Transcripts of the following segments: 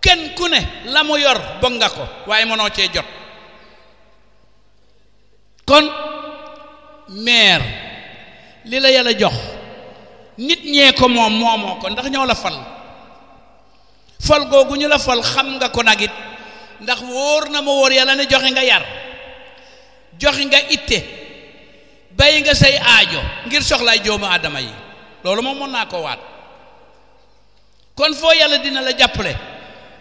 Ken ku ne lamu yor bëgg ko waye mono ci jot kon mer, lila yalla jox nit ñe ko mom momo ko ndax ñoo la fal fal gogu ñu la fal xam nga ko nagit ndax wor na mo wor yalla ne joxe nga yar joxe nga itte bay nga say aajo ngir soxlaay joomu adama yi lolu mom mën na ko wat kon fo yalla dina la jappale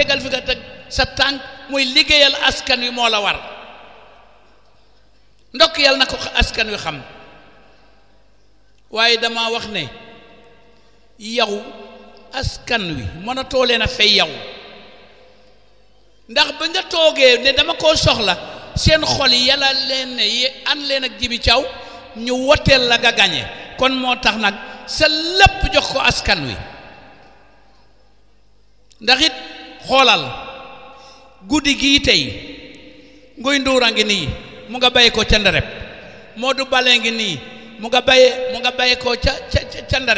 tegal fi nga teg sa tànk muy liggéeyal askan wi moo la war ndokk yal na ko askan wi xam waaye dama wax ne yow askan wi mënatoo leen na fay yow ndax ba nga toogee ne dama koo soxla seen xol yi yàlla leen ne an leen ak jibi caw ñu woteel la nga gañe kon moo tax nag sa lépp jox ko askan wi ndax it xoolal guddi gii tey nguy nduura ngi nii mu nga bàyyi ko ca ndareb moo du bale ngi nii mu nga bàyyi mu nga bàyyi ko ca ca ca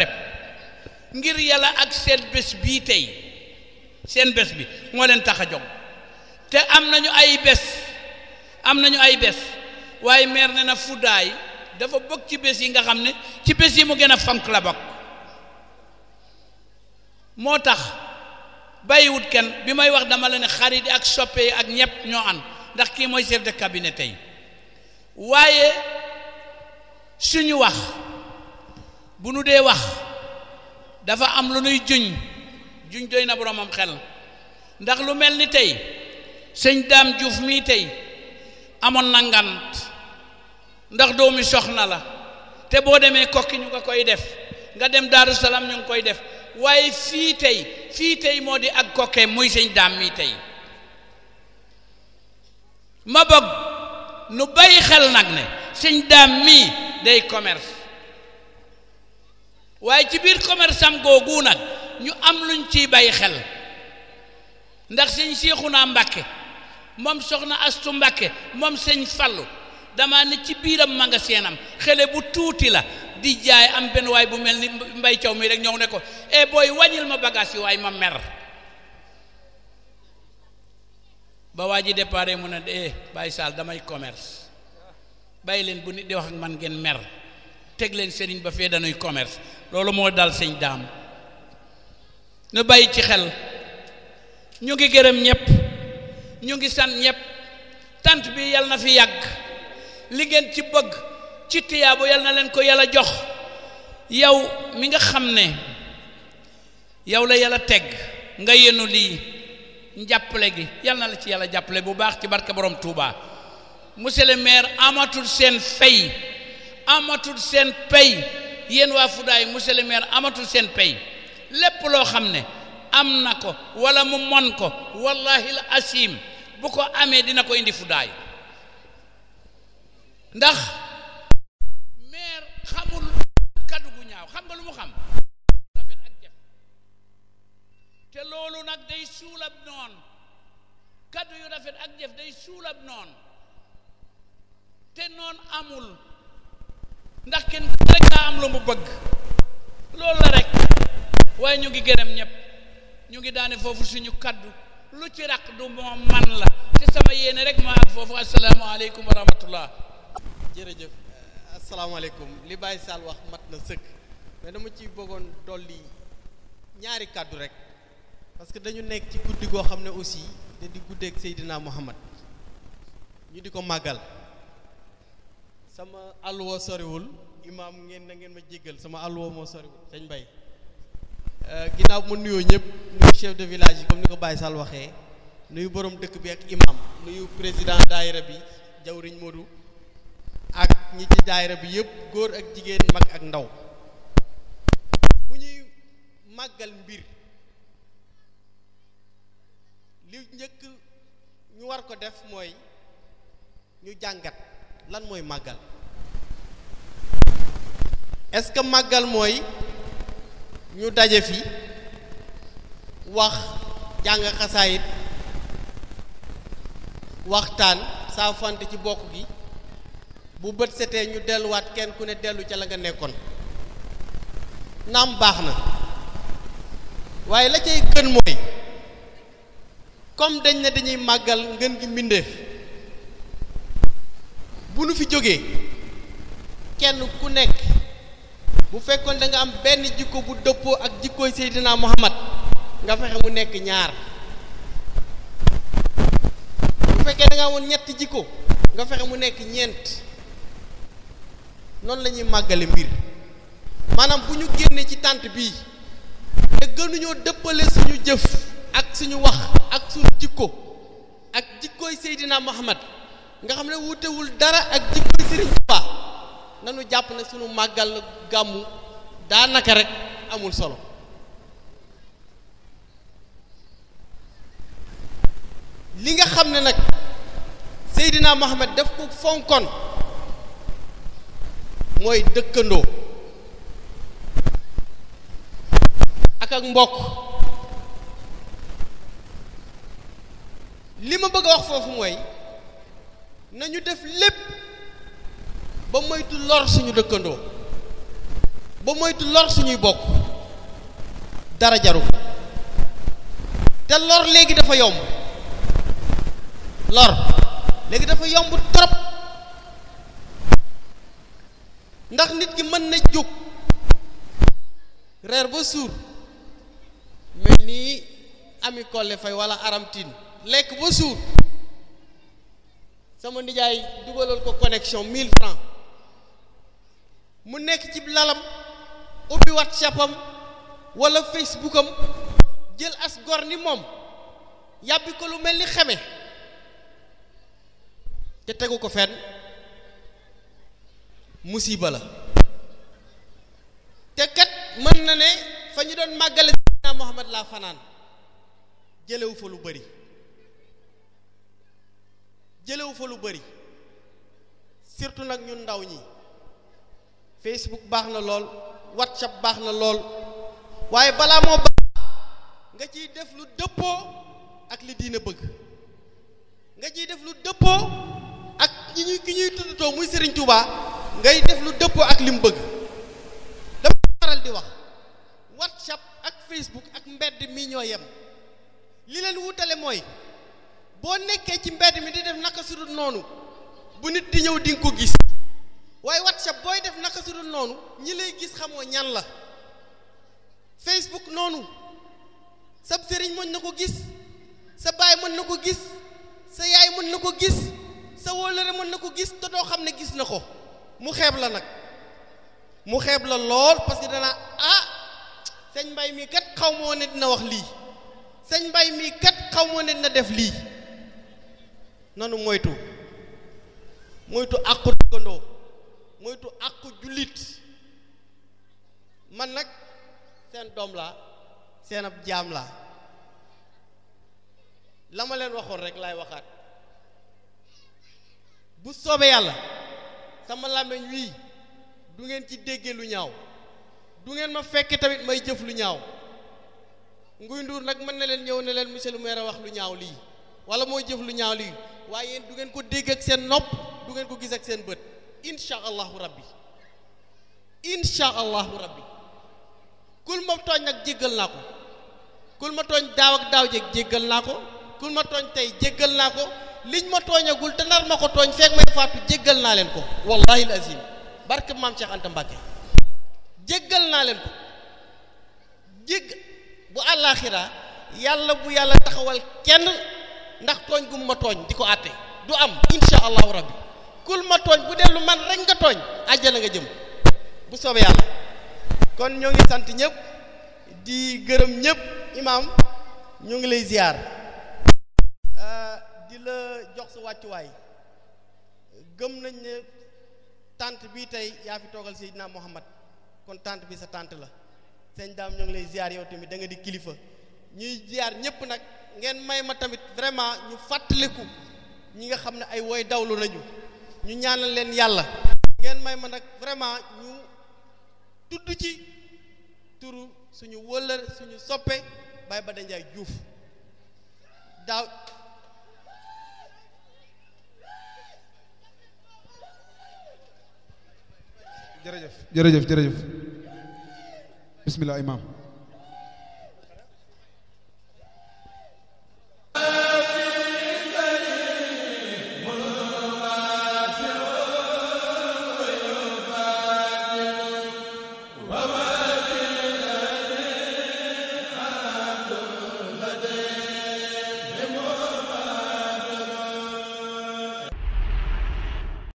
ngir yàlla ak seen bés bii tey seen bés bi moo leen tax a jóg te am nañu ay bés am nañu ay bés waaye meer ne na fuddaay dafa bokk ci bés yi nga xam ne ci bés yi mu gën a fonk la bokk moo tax bàyyiwut kenn bi may wax dama la ne xarit yi ak soppe yi ak ñëpp ñoo an ndax kii mooy chef de cabinet tey waaye suñu wax bu nu dee wax dafa am lu nuy juñ juñ doy na boroomam xel ndax lu mel ni tey sëñ Daam Juuf mii tey amoon na ngant ndax doomi soxna la te boo demee kokki ñu nga koy def nga dem daaru salam ñu koy def waaye fi tay fi tay modi di ak kokke muy sëñ dam mi tay ma bok nu bay xel nak ne sëñ dam mi day commerce waaye ci bir commerce am gogou nak ñu am luñ ci bay xel ndax sëñ cheikhuna mbacke mom soxna Astu mbacke mom sëñ Fallu dama ne ci biiram magasin am xele bu tuti la di jaay am ben way bu mel ni mbay caw mi rek ñëw ne ko e boy wañil ma bagage way ma mer ba waji déparé mu ne eh bay sal damay commerce bay len bu nit di wax ak man gen mer tegg len sëriñ ba fee dañuy commerce lolu mo dal sëñ dam ne bay ci xel ñu ngi gërem ñep ñu ngi san ñep tant bi na fi li ci bëgg ci tiyaabo yal na leen ko yalla jox yow mi nga xam ne yow la yàlla teg nga yenu lii njàppale gi yal na la ci yàlla jàppale bu baax ci barke borom Touba monsieur le maire amatul seen fay amatul seen pay yéen waa Fudaay monsieur le maire amatul seen pay lépp loo xam ne am na ko wala mu ko wallahi la asim bu ko amee dina ko indi Fudaay ndax maire xamul kaddu bu ñaaw xam nga lu mu xam rafet ak jëf te loolu nag day suulab noon kaddu yu rafet ak jëf day suulab noon te noon amul ndax kenn rek daa am lu mu bëgg loolu la rek waaye ñu ngi gërëm ñëpp ñu ngi daane foofu suñu kaddu lu ci raq du moom man la te sama yéene rek moo ak foofu asalaamaaleykum wa rahmatullah jërëjëf eh, assalamualaikum. li bay sal wax mat na seuk mais dama ci bëggoon tolli ñaari kaddu rek parce que dañu nekk ci guddi go xamne aussi de di guddeeg sayyidina Muhammad ñu diko magal sama àlluwa soriwul imam ngeen na ngeen ma jéggal sama àlluwa moo soriwul bay euh nyep mu nuyo ñep nuyu chef de village comme niko bay sal waxé nuyu borom dëkk bi ak imam nuyu président daayira bi jawriñ Modou ak ñi ci daayira bi yëpp góor ak jigéen mag ak ndaw bu ñuy màggal mbir li njëkk ñu war ko def mooy ñu jàngat lan mooy màggal est-ce que màggal mooy ñu daje fi wax jàng xasaayit waxtaan saafante ci bokk gi bu beut sété ñu wat kèn ku né déllu ci la nga nékkon nam baxna waye la cey gën moy comme dañ né dañuy magal ngeen gi mindé bu ñu fi joggé kèn ku nék bu fekkon da nga am benn jikko bu doppo ak jikko sayyidina Muhammad nga fexé mu nék ñaar bu fekké da nga won ñett jikko nga fexé mu nék ñent non lañuy magalé mbir manam buñu génné ci tante bi té gënu ñoo dëppale suñu jëf ak suñu wax ak suñu jikko ak jikko sayidina Muhammad nga xamné wuté wul dara ak jikko serigne Tuubaa nañu japp ne suñu gamu da naka rek amul solo li nga xamné nak sayidina Muhammad daf ko fonkon Moy dekkendo ak ak mbok lima bëgg wax fofu moy nañu def lepp ba moytu lor suñu dekkendo ba moytu lor suñuy bok dara jaru te lor léegi dafa yomb lor léegi dafa yomb trop ndax nit ki mën na jóg reer ba suur mel nii ami kolle fay wala aramtin lekk ba suur sama nijaay dugalal ko connexion 1000 francs mu nekk ci lalam ubbi whatsapp walla wala facebook am jël as gor ni moom yàbbi ko lu mel ni xeme te tegu ko fenn musiba la te kat man na ne fañu don magal na mohammed muhammad fanan fanaan jëlewu fa lu bari jëlewu fa lu bari surtout nak ñun ndaw ñi facebook baax na whatsapp baax na Waibala waaye balaa moo baax nga ci def lu depo ak li diina bëgg nga ci def lu depo ak ñi ñuy ki ñuy muy serigne touba ngay def lu dëppoo ak lim bëgg dama faral di wax whatsapp ak facebook ak mbedd mi ñoo yem li leen wutale mooy boo nekkee ci mbedd mi di def naka sudul noonu bu nit di ñëw di nga ko gis waaye whatsapp booy def naka sudul noonu ñi lay gis xamoo ñan la facebook noonu sa sëriñ mën na ko gis sa baay mën na ko gis sa yaay mën na ko gis sa wóolëre mën na ko gis te doo xam ne gis na ko mu xeeb la nag mu xeeb la lool parce que dana ah sëñ mbay mi kat xaw moo ne dina wax lii sëñ mbay mi kat xaw moo ne dina def lii nanu moytu moytu àqu dëkkandoo moytu àqu jullit man nag seen doom laa seen ab jaam laa la ma leen waxoon rek lay waxaat bu soobee yàlla sama làmmiñ wii du ngeen ci déggee lu ñaaw du ngeen ma fekk tamit may jëf lu ñaaw nguy nduur nag mën na leen ñëw na leen monsieur le maire wax lu ñaaw lii wala mooy jëf lu ñaaw lii waaye yéen du ngeen ko dégg ak seen nopp du ngeen ko gis ak seen bët incha allahu rabbi incha allahu rabbi kul ma tooñ nag jéggal naa ko kul ma tooñ daaw ak daaw jeg jéggal naa ko kul ma tooñ tey jéggal naa ko liñ ma tooñagul te nar ma ko tooñ feek may faatu jéggal naa leen ko la azim barke maam Cheikh Anta Mbàkke jéggal naa leen ko jégg bu àllaaxira yàlla bu yàlla taxawal kenn ndax tooñ gum tooñ di ko àtte du am insha allahu rabbi kul ma tooñ bu dellu man rek nga tooñ àjjana nga jëm bu soobee yàlla kon ñoo ngi sant ñëpp di gërëm ñépp imaam ñoo ngi lay ziyaar di la jox sa wàccuwaay gëm nañ ne tante bii tey yaa fi toogal Seydina Muhammad kon tante bi sa tànt la sëñ daam ñoo ngi lay ziar yow tamit da nga di kilifa ñuy ziar ñëpp nag ngeen may ma tamit vraiment ñu fàttaliku ñi nga xam ne ay woy dawlu nañu ñu ñaanal leen yàlla ngeen may ma nag vraiment ñu tudd ci turu suñu wëllër suñu soppe Baye Bada Ndiaye Diouf daaw جرجف جرجف جرجف بسم الله إمام